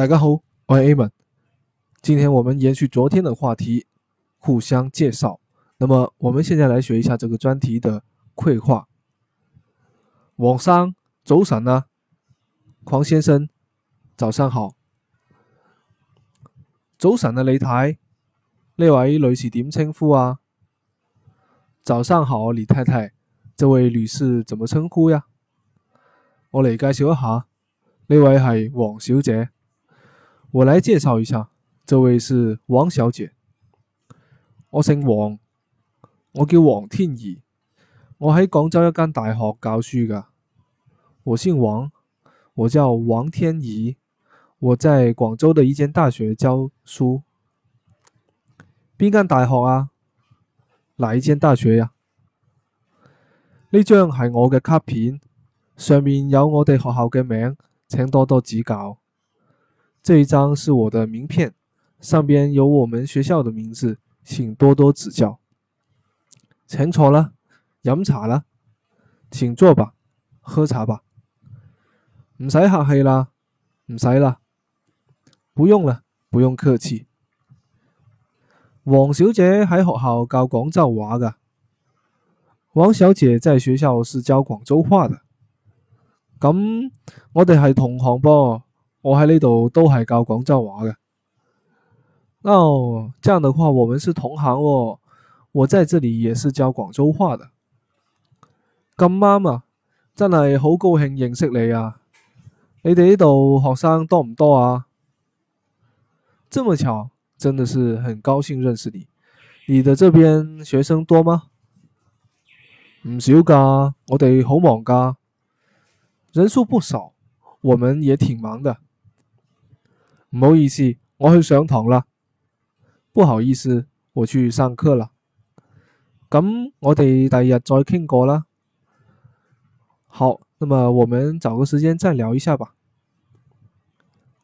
大家好，我係 Aman。今天我們延續昨天的話題，互相介紹。那麼我們現在來學一下這個專題的繪畫。黃生，早晨啊，黃先生，早上好。早晨啊，李太，呢位女士點稱呼啊？早上好，李太太，這位女士怎麼稱呼呀？我嚟介紹一下，呢位係黃小姐。我來介紹一下，這位是王小姐。我姓王，我叫王天怡，我喺廣州一間大學教書噶我姓王，我叫王天怡，我在廣州的一間大學教書。邊間大學啊？哪一間大學呀，啊？呢張係我嘅卡片，上面有我哋學校嘅名，請多多指教。這一張是我的名片，上邊有我們學校的名字，請多多指教。請坐啦，飲茶啦，請坐吧，喝茶吧。唔使客氣啦，唔使啦，不用了，不用客氣。王小姐喺學校教廣州話噶，王小姐在學校是教廣州話的。咁我哋係同行噃。我喺呢度都係教廣州話嘅，那、哦、這樣的話，我們是同行哦。我在這裏也是教廣州話的。咁啱啊，真係好高興認識你啊！你哋呢度學生多唔多啊？這麼巧，真的是很高興認識你。你的這邊學生多嗎？唔少噶，我哋好忙噶，人數不少，我們也挺忙的。.唔好意思，我去上堂啦。不好意思，我去上課啦。咁我哋第二日再傾過啦。好，那麼我們找個時間再聊一下吧。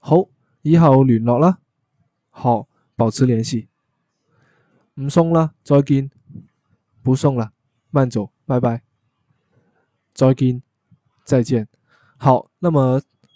好，以後聯絡啦。好，保持聯繫。唔送啦，再見。不送啦，慢走，拜拜。再見，再見。好，那麼。